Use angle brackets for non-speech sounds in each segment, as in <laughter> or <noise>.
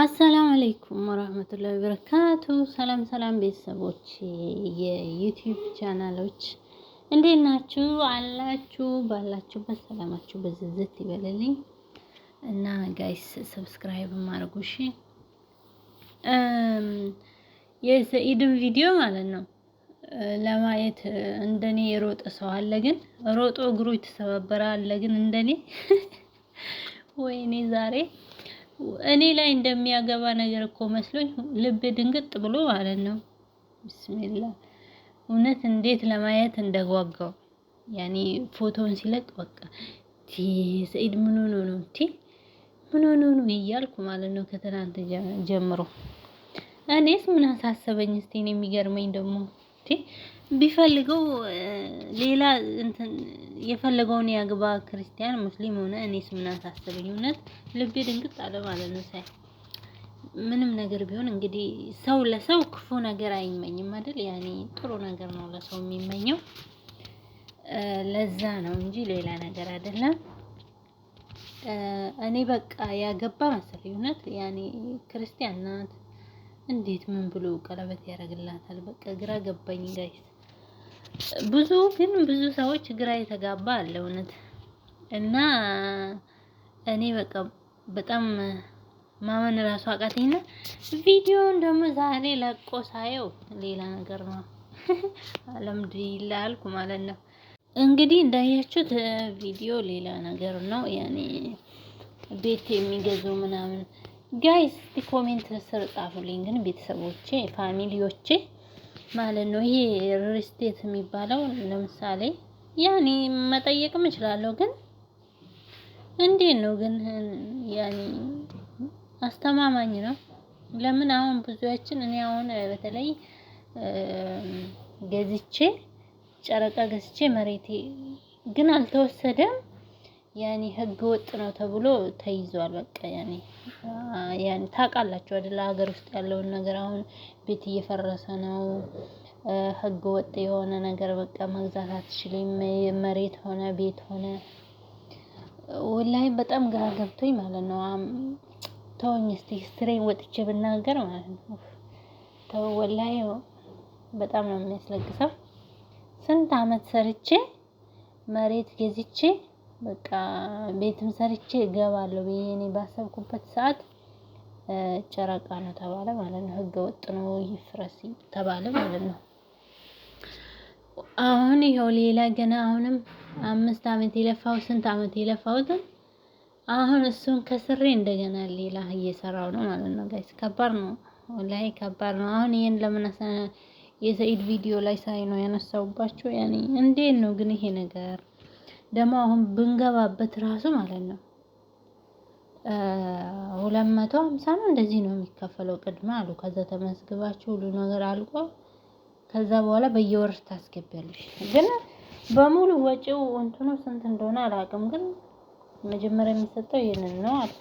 አሰላም አለይኩም ወራህመቱላሂ ወበረካቱ። ሰላም ሰላም ቤተሰቦች የዩቲዩብ ቻናሎች እንዴት ናችሁ? አላችሁ ባላችሁበት ሰላማችሁ በዝዝት ይበልልኝ እና ጋይስ ሰብስክራይብ ማድረጉ እሺ። የሰኢድን ቪዲዮ ማለት ነው ለማየት እንደኔ የሮጠ ሰው አለ፣ ግን ሮጦ እግሩ የተሰባበረ አለ፣ ግን እንደኔ <laughs> ወይኔ ዛሬ እኔ ላይ እንደሚያገባ ነገር እኮ መስሎኝ ልብ ድንግጥ ብሎ ማለት ነው። ብስሚላ እውነት እንዴት ለማየት እንደጓጓው ያኔ ፎቶውን ሲለቅ በቃ ቲ ሰኢድ ምን ሆኖ ነው ቲ ምን ሆኖ ነው እያልኩ ማለት ነው ከትናንት ጀምሮ እኔስ ምን አሳሰበኝ እስቲ ነው የሚገርመኝ ደግሞ ቢፈልገው ሌላ እንትን የፈለገውን ያግባ ክርስቲያን ሙስሊም ሆነ። እኔስ ምን አሳሰበኝ? እውነት ልቤ ድንግጥ አለ ማለት ነው ሳይ ምንም ነገር ቢሆን እንግዲህ ሰው ለሰው ክፉ ነገር አይመኝም አይደል? ያኔ ጥሩ ነገር ነው ለሰው የሚመኘው። ለዛ ነው እንጂ ሌላ ነገር አይደለም። እኔ በቃ ያገባ መሰለኝ እውነት ያኔ ክርስቲያን ናት እንዴት ምን ብሎ ቀለበት ያደርግላታል? በቃ ግራ ገባኝ ጋይስ። ብዙ ግን ብዙ ሰዎች ግራ የተጋባ አለ እውነት እና እኔ በቃ በጣም ማመን ራሱ አቃተኝና ቪዲዮውን ደግሞ ዛሬ ለቆ ሳየው ሌላ ነገር ነው። <laughs> አልሐምዱሊላህ አልኩ ማለት ነው። እንግዲህ እንዳያችሁት ቪዲዮ ሌላ ነገር ነው። ያኔ ቤት የሚገዛው ምናምን ጋይስ እስቲ ኮሜንት ስር ጻፉልኝ ግን ቤተሰቦቼ ፋሚሊዎቼ ማለት ነው። ይሄ ሪስቴት የሚባለው ለምሳሌ ያኔ መጠየቅም እችላለሁ፣ ግን እንዴት ነው ግን ያኔ አስተማማኝ ነው? ለምን አሁን ብዙያችን እኔ አሁን በተለይ ገዝቼ ጨረቃ ገዝቼ መሬቴ ግን አልተወሰደም። ያኔ ህገ ወጥ ነው ተብሎ ተይዟል። በቃ ያኔ ያኔ ታውቃላችሁ አይደል? ሀገር ውስጥ ያለውን ነገር አሁን ቤት እየፈረሰ ነው። ህገ ወጥ የሆነ ነገር በቃ መግዛት አትችልም። መሬት ሆነ ቤት ሆነ ወላሂ በጣም ግራ ገብቶኝ ማለት ነው። ተወኝ እስቲ ስትሬን ወጥቼ ብናገር ማለት ነው። ተው ወላሂ በጣም ነው የሚያስለግሰው። ስንት አመት ሰርቼ መሬት ገዝቼ በቃ ቤትም ሰርቼ እገባለሁ ብዬ እኔ ባሰብኩበት ሰዓት ጨረቃ ነው ተባለ ማለት ነው። ህገ ወጥ ነው ይፍረስ ተባለ ማለት ነው። አሁን ይኸው ሌላ ገና አሁንም አምስት አመት የለፋው ስንት አመት የለፋውትም? አሁን እሱን ከስሬ እንደገና ሌላ እየሰራው ነው ማለት ነው። ጋይስ ከባድ ነው ወላሂ ከባድ ነው። አሁን ይሄን ለምን የሰኢድ ቪዲዮ ላይ ሳይ ነው ያነሳውባቸው። ያኔ እንዴት ነው ግን ይሄ ነገር ደግሞ አሁን ብንገባበት ራሱ ማለት ነው ሁለት መቶ ሀምሳ ነው እንደዚህ ነው የሚከፈለው ቅድመ አሉ። ከዛ ተመዝግባችሁ ሁሉ ነገር አልቆ ከዛ በኋላ በየወር ታስገቢያለሽ። ግን በሙሉ ወጪው እንትኑ ስንት እንደሆነ አላውቅም፣ ግን መጀመሪያ የሚሰጠው ይህንን ነው አሉ።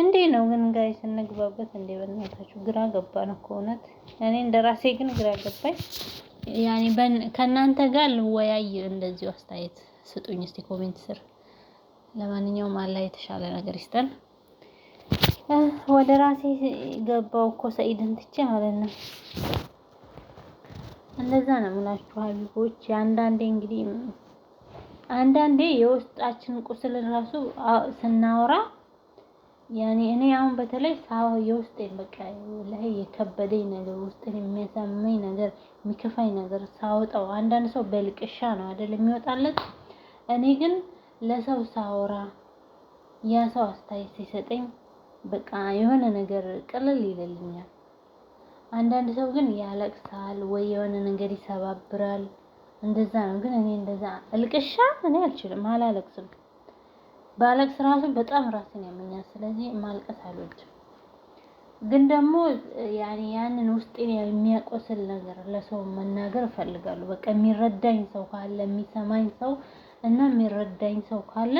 እንዴ ነው ግን ጋይ ስንግባበት እንዴ በእናታችሁ ግራ ገባን እኮ እውነት። እኔ እንደራሴ ግን ግራ ገባኝ። ያኔ ከእናንተ ጋር ልወያይ። እንደዚሁ አስተያየት ስጡኝ እስቲ ኮሜንት ስር። ለማንኛውም አላህ የተሻለ ነገር ይስጠን። ወደ ራሴ ገባው እኮ ሰኢድን ትቼ ማለት ነው። እንደዛ ነው የምላችሁ ሀቢቦች። አንዳንዴ እንግዲህ አንዳንዴ የውስጣችን ቁስልን ራሱ ስናወራ ያኔ እኔ አሁን በተለይ ሳው የውስጤን በቃ ላይ የከበደኝ ነገር ውስጤን የሚያሳመኝ ነገር የሚከፋኝ ነገር ሳወጣው፣ አንዳንድ ሰው በልቅሻ ነው አይደል የሚወጣለት። እኔ ግን ለሰው ሳወራ ያ ሰው አስተያየት ሲሰጠኝ በቃ የሆነ ነገር ቅልል ይልልኛል። አንዳንድ ሰው ግን ያለቅሳል ወይ የሆነ ነገር ይሰባብራል፣ እንደዛ ነው። ግን እኔ እንደዛ እልቅሻ እኔ አልችልም፣ አላለቅስም። ባለቅስ ራሱ በጣም ራስን ያመኛል። ስለዚህ ማልቀስ አልወድም። ግን ደግሞ ያንን ውስጤን የሚያቆስል ነገር ለሰው መናገር እፈልጋለሁ። በቃ የሚረዳኝ ሰው ካለ የሚሰማኝ ሰው እና የሚረዳኝ ሰው ካለ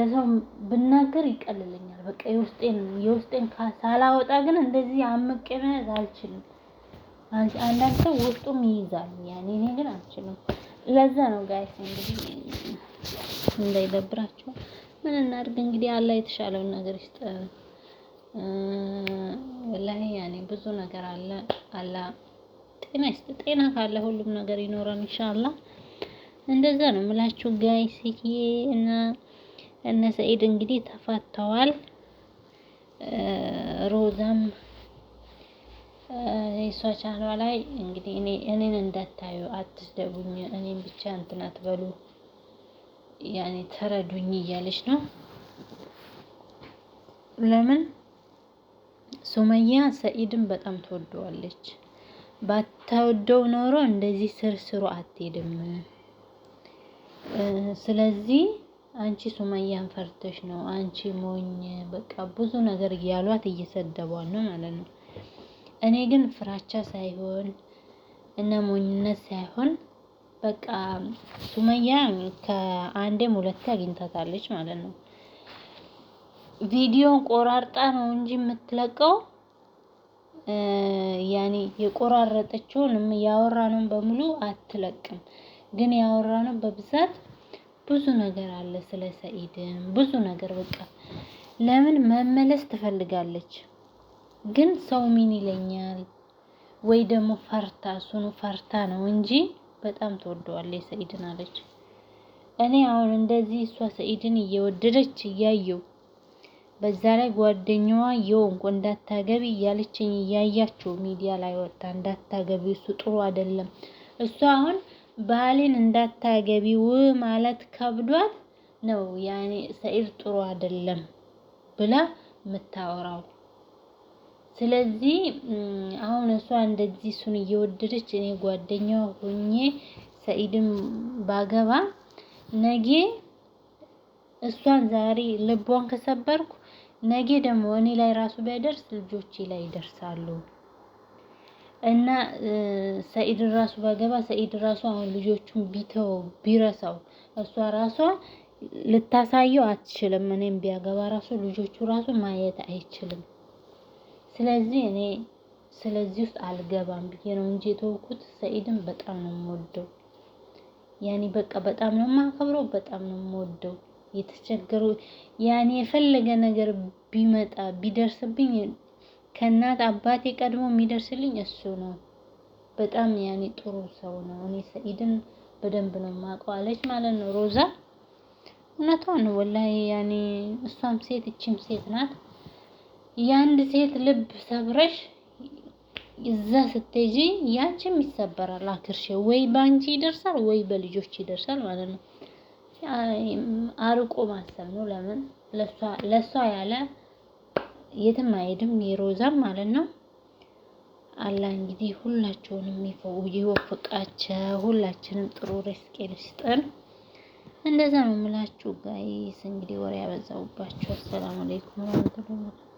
ለሰው ብናገር ይቀልልኛል። በቃ የውስጤን የውስጤን ሳላወጣ ግን እንደዚህ አምቄ መያዝ አልችልም። አንዳንድ ሰው ውስጡም ይይዛል። ያኔ እኔ ግን አልችልም። ለዛ ነው ጋይስ እንግዲህ እንዳይደብራቸው ምን እናድርግ እንግዲህ አላህ የተሻለውን ነገር ይስጥ። ወላሂ ያኔ ብዙ ነገር አለ። አላህ ጤና ይስጥ። ጤና ካለ ሁሉም ነገር ይኖራል ኢንሻአላህ። እንደዛ ነው የምላችሁ ጋይስ እና እነ ሰኢድ እንግዲህ ተፋተዋል። ሮዛም የሷ ቻኗ ላይ እንግዲህ እኔን እንዳታዩ አትስደቡኝ፣ እኔን ብቻ እንትን አትበሉ። ያኔ ተረዱኝ እያለች ነው። ለምን ሱመያ ሰኢድን በጣም ትወደዋለች። ባታወደው ኖሮ እንደዚህ ስርስሩ አትሄድም። ስለዚህ አንቺ ሱመያን ፈርተሽ ነው አንቺ ሞኝ፣ በቃ ብዙ ነገር እያሏት እየሰደቧት ነው ማለት ነው። እኔ ግን ፍራቻ ሳይሆን እና ሞኝነት ሳይሆን በቃ ሱመያ ከአንዴም ሁለቴ አግኝታታለች ማለት ነው። ቪዲዮን ቆራርጣ ነው እንጂ የምትለቀው ያኔ የቆራረጠችውን ያወራነውን በሙሉ አትለቅም። ግን ያወራነው በብዛት ብዙ ነገር አለ፣ ስለ ሰኢድም ብዙ ነገር በቃ ለምን መመለስ ትፈልጋለች። ግን ሰው ምን ይለኛል ወይ ደግሞ ፈርታ እሱኑ ፈርታ ነው እንጂ በጣም ትወደዋለች ሰኢድን አለች። እኔ አሁን እንደዚህ እሷ ሰኢድን እየወደደች እያየው በዛ ላይ ጓደኛዋ የወንቁ እንዳታገቢ እያለችኝ እያያችሁ ሚዲያ ላይ ወጣ እንዳታገቢ እሱ ጥሩ አይደለም። እሷ አሁን ባህሌን እንዳታገቢው ማለት ከብዷት ነው ያኔ ሰኢድ ጥሩ አይደለም ብላ የምታወራው ስለዚህ አሁን እሷ እንደዚህ እሱን እየወደደች እኔ ጓደኛዋ ሆኜ ሰኢድም ባገባ ነጌ እሷን ዛሬ ልቧን ከሰበርኩ ነጌ ደግሞ እኔ ላይ ራሱ ቢያደርስ ልጆቼ ላይ ይደርሳሉ እና ሰኢድ ራሱ ባገባ ሰኢድ ራሱ አሁን ልጆቹን ቢተው ቢረሳው እሷ ራሷ ልታሳየው አትችልም። እኔም ቢያገባ ራሱ ልጆቹ ራሱ ማየት አይችልም። ስለዚህ እኔ ስለዚህ ውስጥ አልገባም ብዬ ነው እንጂ የተውኩት። ሰኢድን በጣም ነው የምወደው። ያኔ በቃ በጣም ነው የማከብረው፣ በጣም ነው የምወደው። የተቸገሩ ያኔ የፈለገ ነገር ቢመጣ ቢደርስብኝ ከእናት አባቴ ቀድሞ የሚደርስልኝ እሱ ነው። በጣም ያኔ ጥሩ ሰው ነው። እኔ ሰኢድን በደንብ ነው የማውቀው አለች ማለት ነው ሮዛ። እውነቷን ወላሂ ያኔ እሷም ሴት እችም ሴት ናት። የአንድ ሴት ልብ ሰብረሽ እዛ ስትሄጂ ያንቺም ይሰበራል አክርሽ፣ ወይ ባንቺ ይደርሳል ወይ በልጆች ይደርሳል ማለት ነው። አርቆ ማሰብ ነው። ለምን ለሷ ያለ የትም አይሄድም የሮዛም ማለት ነው። አላ እንግዲህ ሁላችሁንም ይወፍቃቸው፣ ሁላችንም ጥሩ ሪስቅ ይስጠን። እንደዛ ነው የምላችሁ ጋይስ። እንግዲህ ወሬ ያበዛውባችሁ። አሰላሙ አለይኩም ወራህመቱላሂ